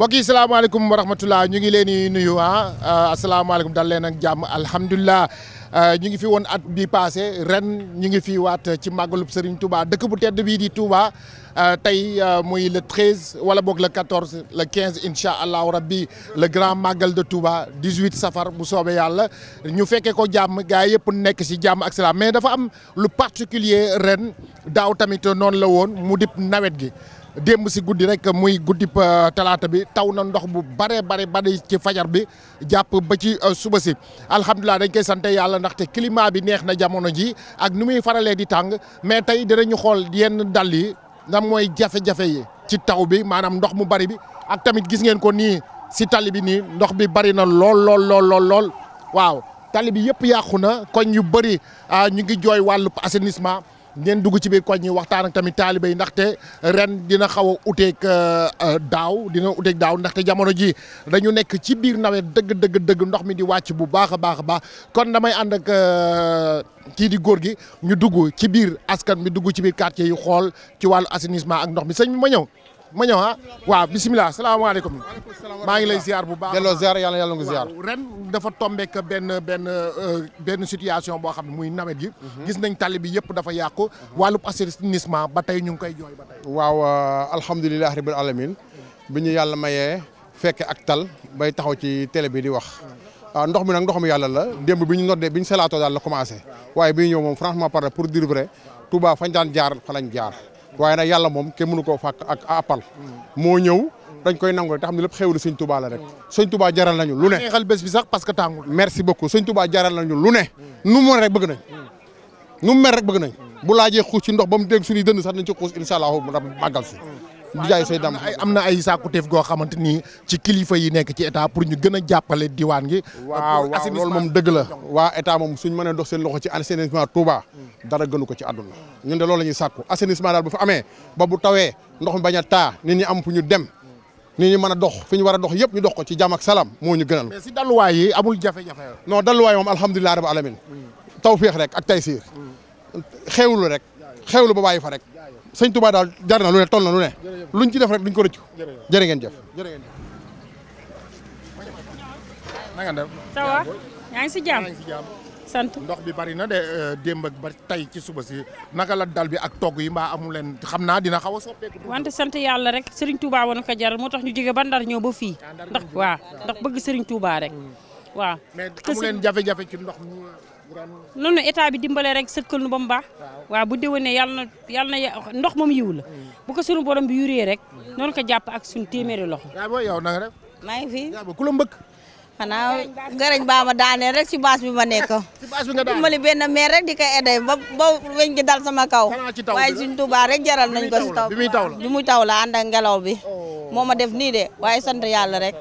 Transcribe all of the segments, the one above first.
mbokk yi salaamaaleykum wa rahmatulah ñu ngi leen di nuyu ah, ah asalaamaaleykum dal leen ak jàmm alhamdulilah ah, ñu ngi fi woon at bi passé ren ñu ngi fi waat ci màggalub Serigne Touba dëkk bu tedd bii di Touba ah, tey muy le treize wala boog le quatorze le quinze incha allahu rabbi le grand màggal de Touba dix-huit safar bu soobee yàlla ñu fekkee ko jàmm gaa yëpp nekk si jàmm ak salaam mais dafa am lu particulier ren daaw tamit noonu la woon mu dip nawet gi. démb si guddi rek muy guddi talaata bi taw na ndox bu bare bare bare ci fajar bi jàpp ba ci euh, suba si alhamdulilah dañ koy sante yàlla ndaxte climat bi neex na jamono ji ak ni muy faralee di tàng mais tey ñu xool yenn dal yi nan mooy jafe-jafe yi ci taw bi maanaam ndox mu bari bi ak tamit gis ngeen ko nii si tali bi nii ndox bi bari na lool lool lool waaw tali bi yëpp yàqu na koñ yu bëri ah, ñu ngi jooy wàllu assainissement ngeen dugg ci biir koñ yi waxtaan ak tamit taalibe yi ndaxte ren dina xaw a uteeg euh, euh, daaw dina uteeg daaw ndaxte jamono ji dañu nekk ci biir nawet dëgg dëgg dëgg ndox mi di wàcc bu baax a baax a baax kon damay ànd ak euh, kii di góor gi ñu dugg ci biir askan bi dugg ci biir quartier yi xool ci wàllu assainissement ak ndox mi sëñ bi ma ñëw. ma ñëw ah waaw bisimilah salaamaaleykum maa ngi lay ziar bu baax delloo ziar yàlla yàlla nga ziar ren dafa tombeek benn benn euh, benn situation boo xam ne muy nawet gi mhm. gis nañ tali bi yëpp dafa yàqu mhm. wàllub assainissement ba tey ñu ngi koy jooy ba tey waaw euh, alhamdulilah rabil alamin mhm. bi ñu yàlla mayee fekke ak tal bay taxaw ci télé bi di wax ah, ndox mi nag ndox mi yàlla la démb bi ñu noddee bi ñu salaatoo daal la commencé waaye bi ñëw moom franchement parle pour dire vrai Touba fañ daan jaar fa lañ jaar waaye nag yàlla moom kenn mënu koo fàkk ak appal moo ñëw dañ koy nangu te xam ne lépp xéwlu sëñ Touba la rek sëñ Touba jaral nañu lu ne neexal bi sax parce que tàngul merci beaucoup sëñ Touba jaral nañu lu ne nu mu rek bëgg nañ nu mu mel rek bëgg nañ bu laajee xuus ci ndox ba mu dégg suñuy dënd sax nañ ci xuus incha allah mu màggal si di jaay say dam am na ay sàkkuteef goo xamante ni ci kilifa yi nekk ci état pour ñu gën a jàppale diwaan gi. waaw waaw loolu moom dëgg la. waa état moom suñ mënee dox seen loxo ci assainissement Touba. dara gënu ko ci àdduna. ñun de loolu la ñuy sàkku assainissement daal bu fa amee ba bu tawee ndox mi bañ a taa nit ñi am fu ñu dem. nit ñi mën a dox fu ñu war a dox yëpp ñu dox ko ci jàmm ak salaam moo ñu gënal. mais si dalluwaay yi amul jafe-jafe. non dalluwaay moom alhamdulilah rabbil alamin tawféex rek ak taysiir xewlu rek xewlu ba bàyyi fa rek sëñ Touba daal jar na lu ne toll na lu ne luñ ci def rek duñ ko rëccu jërë ngeen jëf jërë ngeen jëf na nga def ngi si jàmm sant ndox bi bari na de euh, démb ak ba tey ci suba si naka la dal bi ak togg yi mbaa amu leen xam naa dina xaw a wante sant yàlla rek Serigne Touba woon ka jaral moo tax ñu jóge ba Ndar ñëw ba fii ah, ndax waaw ndax bëgg Serigne Touba rek hmm. waaw ndox noonu état bi dimbale rek sëkkal nu ba mu baax waaw bu déwénee yàlla na yàlla na ndox moom yiw la mm. bu ko sunu borom bi yuree rek noonu ko jàpp ak suñu téeméeri loxo. yow na nga def. maa ngi fi ku la mbëkk. xanaa garañ baa ma daaneel rek si bâche bi ma nekk. si bâche bi nga daaneel dimbali benn maire rek di ko aidé ba ba weñ gi dal sama kaw. waaye suñ Tuubaa rek jaral nañ ko si taw bi muy taw la bi muy la ànd ak ngelaw bi. Oh. moo ma def nii de waaye sant yàlla rek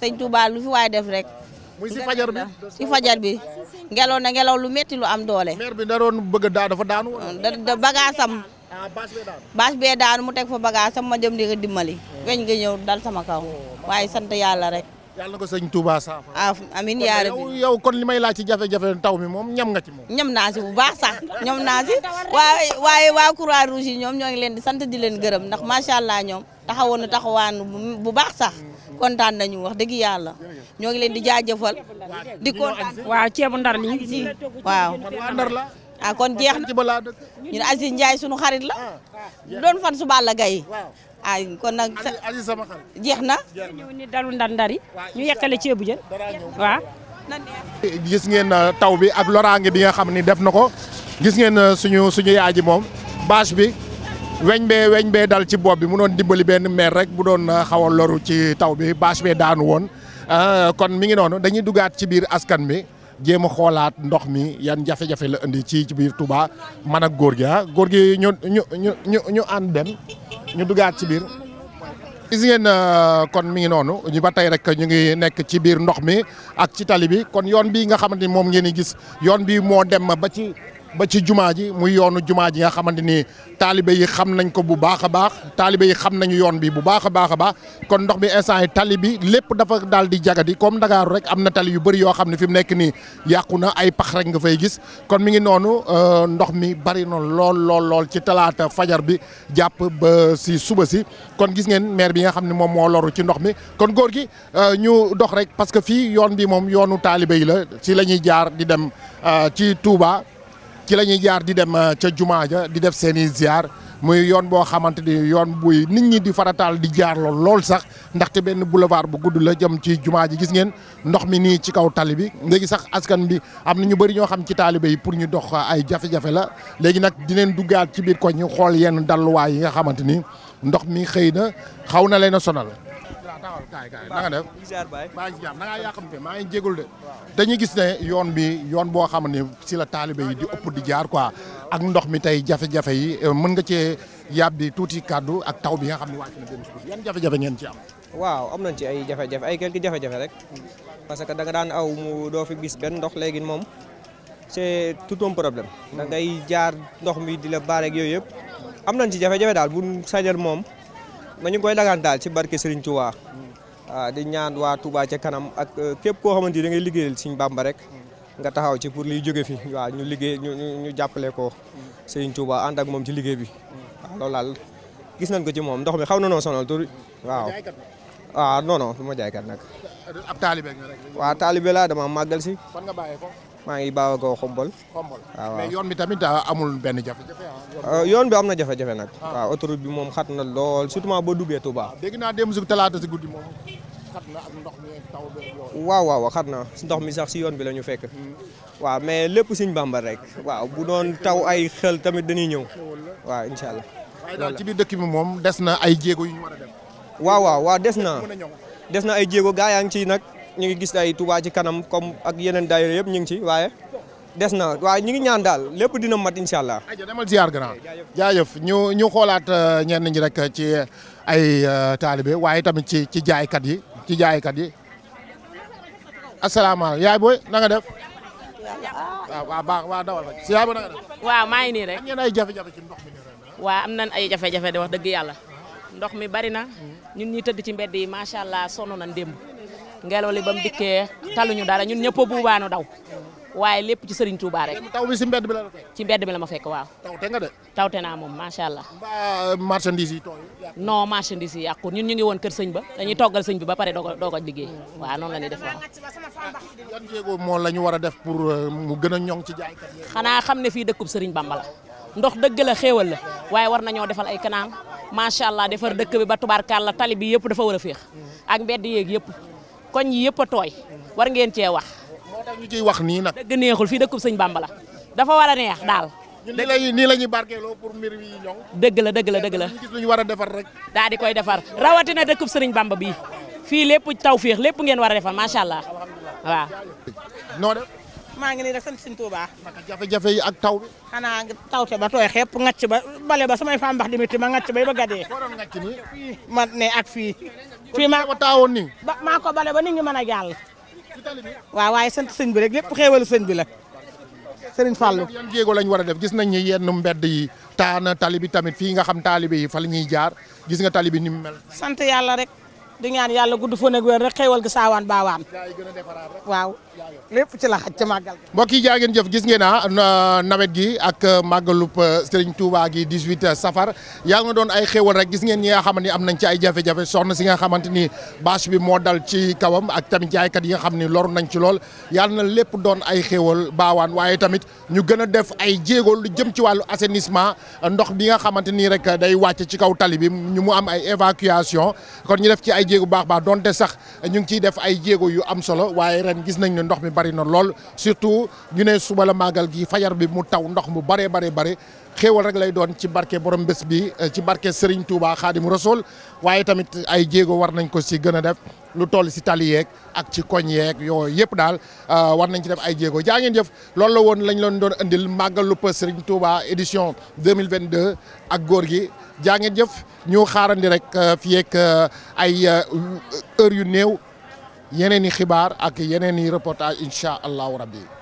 sëñ Tuubaa lu fi waaye def rek muy si fajar bi si fajar bi ngelaw na ngelaw lu metti lu am doole. bi da doon bëgg daa dafa daanu. da bagaasam. ah bâche bee daanu. bâche bee daanu mu teg fa bagaasam ma jëm di nga dimbali. weñ nga ñëw dal sama kaw. Oh, waaye sant yàlla rek. yàlla na ko sëñ Touba saafara. ah amiin yaa yow kon li may laaj ci jafe-jafe taw mi moom ñam nga ci moom. ñam naa bu baax sax ñam naa si waaye waaye waa Croix Rouge ñoom ñoo ngi leen di sant di leen gërëm ndax macha allah ñoom taxawoon na taxawaan bu baax sax mm-hmm. kontaan nañu wax dëgg yàlla. ñoo ngi leen di jaajëfal di kontaan waaw ceebu ndar li waaw ah, kon jeex na ñun Aziz Ndiaye sunu xarit la doon fan su Balla ah, jeex na ñëw ni dalu ndar ndari ñu yekkale ceebu jën waaw gis ngeen uh, taw bi ak loraange bi nga xam ni def na ko gis ngeen uh, suñu suñu yaay ji moom bâche bi weñ bee weñ bee dal ci bopp bi mu noon dimbali benn meer rek bu doon uh, xaw a loru ci taw bi bâche bee daanu woon Euh, kon mi ngi noonu dañuy duggaat ci biir askan mi jéem a xoolaat ndox mi yan jafe-jafe la indi ci ci biir Touba man a góor gi ah góor gi ñu ñu ñu ñu ànd ñu duggaat ci biir. gis ngeen euh, kon mi ngi noonu ñu ba tey rek ñu ngi nekk ci biir ndox mi ak ci tali bi kon yoon bii nga xamante ni moom ngeen di gis yoon bii moo dem ba ci. ba ci jumaa ji mu yoonu jumaa ji nga xamante ni taalibe yi xam nañ ko bu baax a baax taalibe yi xam nañu yoon bi bu baax a baax a baax kon ndox mi instant yi tali bi lépp dafa daal di jagadi comme Ndakaaru rek am na tali yu bëri yoo xam ne fi nekk nii yàqu na ay pax rek nga fay gis kon mi ngi noonu euh, ndox mi bari na lool lool lool ci talaata fajar bi jàpp ba si suba si kon gis ngeen maire bi nga xam ne moom moo loru ci mi kon góor gi euh, ñu dox rek parce que fii yoon bi moom yoonu taalibe yi la si la ñuy jaar di dem euh, ci Touba. ci la ñuy jaar di dem euh, ca jumaa ja di def seen i ziar muy yoon boo xamante ni yoon buy nit ñi di farataal di jaar lool lool sax ndaxte benn boulevard bu gudd la jëm ci jumaa ji gis ngeen ndox mi nii ci kaw tali bi léegi sax askan bi am na ñu bëri ñoo xam ci taalibe yi pour ñu dox euh, ay jafe-jafe la léegi nag di dineen duggaat ci biir ko ñu xool yenn dalluwaay yi nga xamante ni ndox mi xëy na xaw na leen a la taxawal kaay kaay na nga def maa ngi si jàmm na maa ngi jegul de dañuy gis ne yoon bi yoon boo xam ne si la taalibe yi di ëpp di jaar ko ak ndox mi tey jafe-jafe yi euh, mën nga cee yàb bi tuuti kàddu ak taw bi nga xam ne wàcc yan jafe ngeen ci am waaw am nañ ci ay jafe-jafe ay quelques jafe-jafe rek parce que da nga daan aw mu doo fi gis benn ndox léegi moom c'est tout un problème da ngay jaar ndox mi di la baareeg yooyu yëpp am nañ ci jafe-jafe daal bu sañal moom ma ñu ngi koy dagaan ci barke Serigne Touba waaw ah, di ñaan waa Touba ca kanam ak euh, képp koo xamante ni da ngay liggéeyal Serigne Bamba rek nga taxaw ci pour liy jóge fi waaw ñu liggéey ñu ñu jàppale ko Serigne Touba ànd ak moom ci liggéey bi waaw loolu daal gis nañ ko ci moom ndox mi xaw na noo sonal tur waaw waaw ah, non ma jaaykat nag ab taalibe nga laa dama màggal si fan nga bàyyee ko maa ngi baaw a goo xombol. xombol waaw mais yoon bi tamit ah, amul benn jafe-jafe ah, euh, yoon bi am na jafe-jafe nag. Ah. waaw autoroute bi moom xat na lool surtout boo duggee Touba. waaw dégg naa démb si talaata si guddi moom xat na mi taw waaw waaw xat na ndox mi sax si yoon bi la ñu fekk. Hmm. waaw mais lépp Sëñ Bàmba rek. waaw bu doon taw ay xel tamit dañuy ñëw. waaw incha allah. waaye daal ci dëkk bi moom des na ay jéego yu ñu war ñu ngi gis ay Touba ci kanam comme ak yeneen daayira yëpp ñu ngi ci waaye des na waaye ñu ngi ñaan daal lépp dina mat incha allah. ayca demal ziar grand jaajëf ñu ñu xoolaat euh, ñenn ñi rek ci ay euh, taalibe waaye tamit ci ci jaaykat yi ci jaaykat yi asalaamaaleykum yaay booy na nga def. waaw waaw baax si yaay booy na def. waaw maa ngi nii rek. am ngeen ay ah? am na ay jafe-jafe de wax dëgg yàlla. ndox mi bari na. Mm-hmm. ñun ñi tëdd ci mbedd yi macha allah sonn nañ démb. ngelaw li ba mu dikkee taluñu dara ñun ñëpp a buubaanu daw waaye lépp ci Serigne Touba rek. taw bi si mbedd bi la ci mbedd bi la ma fekk waaw. tawte nga de. tawte naa moom macha allah. mbaa yi tooy. non marchandise yi yàqu ñun ñu ngi woon kër sëñ ba dañuy toggal sëñ bi ba pare doog a doog a liggéey waaw noonu la ñuy def waaw. moo la ñu war a def pour euh, mu gën a ñoŋ ci jaaykat xanaa xam ne fii dëkkub Serigne Bamba ndox dëgg la xéewal la waaye war nañoo defal ay kanaam macha allah defar dëkk bi ba tubaarkàlla tali bi yëpp dafa war a feex ak mbedd yeeg yëpp koñ yi yëpp tooy war ngeen cee wax. moo tax ñu wax nii nag. dëgg neexul fii dëkkub sëñ Bamba la dafa war a neex daal. nii la nii la ñuy barkeeloo pour mbir wi ñoŋ. dëgg la dagg la dagg la gis lu ñu war a defar rek. daa di koy defar rawatina dëkkub sëriñ Bamba bii fii lépp taw féex lépp ngeen war a defar macha allah waaw. maa ngi nii rek sant Sëñ Tuubaa. naka jafe-jafe yi ak taw bi. taw tawte ba tooy xepp ngàcc ba bale ba samay faam mbax di métti ma ngàcc bay ba gadee. koo doon ma ne ak fii. fii maa taawoon nii. ba maa ko bale ba nit ñi mën a jàll. waaw waaye sant sëñ bi rek lépp xéewalu sëñ bi la. Sëriñ Fallou yan jéego lañ war a def gis nañ ni yenn mbedd yi taana tali bi tamit fii nga xam taalibe yi fa la ñuy jaar gis nga tali bi ni mu mel. sant yàlla rek. di ñaan yàlla gudd fan ak wér rek xéewal gi saawaan baawaan waaw lépp ci la xaj ca màggal gi mbokk yi jaa ngeen jëf gis ngeen ah, na nawet gi ak uh, màggalub uh, Serigne Touba gi 18 uh, safar yaa nga doon ay xéewal rek gis ngeen ñi nga xam ne am nañ ci ay jafe-jafe soxna si nga xamante ni bâche bi moo dal ci kawam ak tamit jaaykat yi nga xam ne loru nañ ci lool yàlla na lépp doon ay xéewal baawaan waaye tamit ñu gën a def ay jéego lu jëm ci wàllu assainissement ndox bi nga xamante ni rek day wàcc ci kaw tali bi ñu mu am ay évacuation jéegu baax baax doonte sax ñu ngi ciy def ay jéego yu am solo waaye ren gis nañ ne ndox mi bari na lool surtout ñu ne suba la màggal gi fajar bi mu taw ndox mu baree bare bare xéewal rek lay doon ci barke borom bés bi euh, ci barke Serigne Touba Xaadimu Rasuul waaye tamit ay jéego war nañ ko si gën a def lu toll si tali yeeg ak ci koñ yeeg yooyu yëpp daal euh, war nañ ci def ay jéego jaa ngeen jëf loolu la woon lañ leen doon indil màggalu Serigne Touba édition 2022 ak góor gi. jaa jëf ñu xaarandi rek euh, fii ak euh, ay euh, heure yu néew yeneen i xibaar ak yeneen i reportage incha allahu rabbi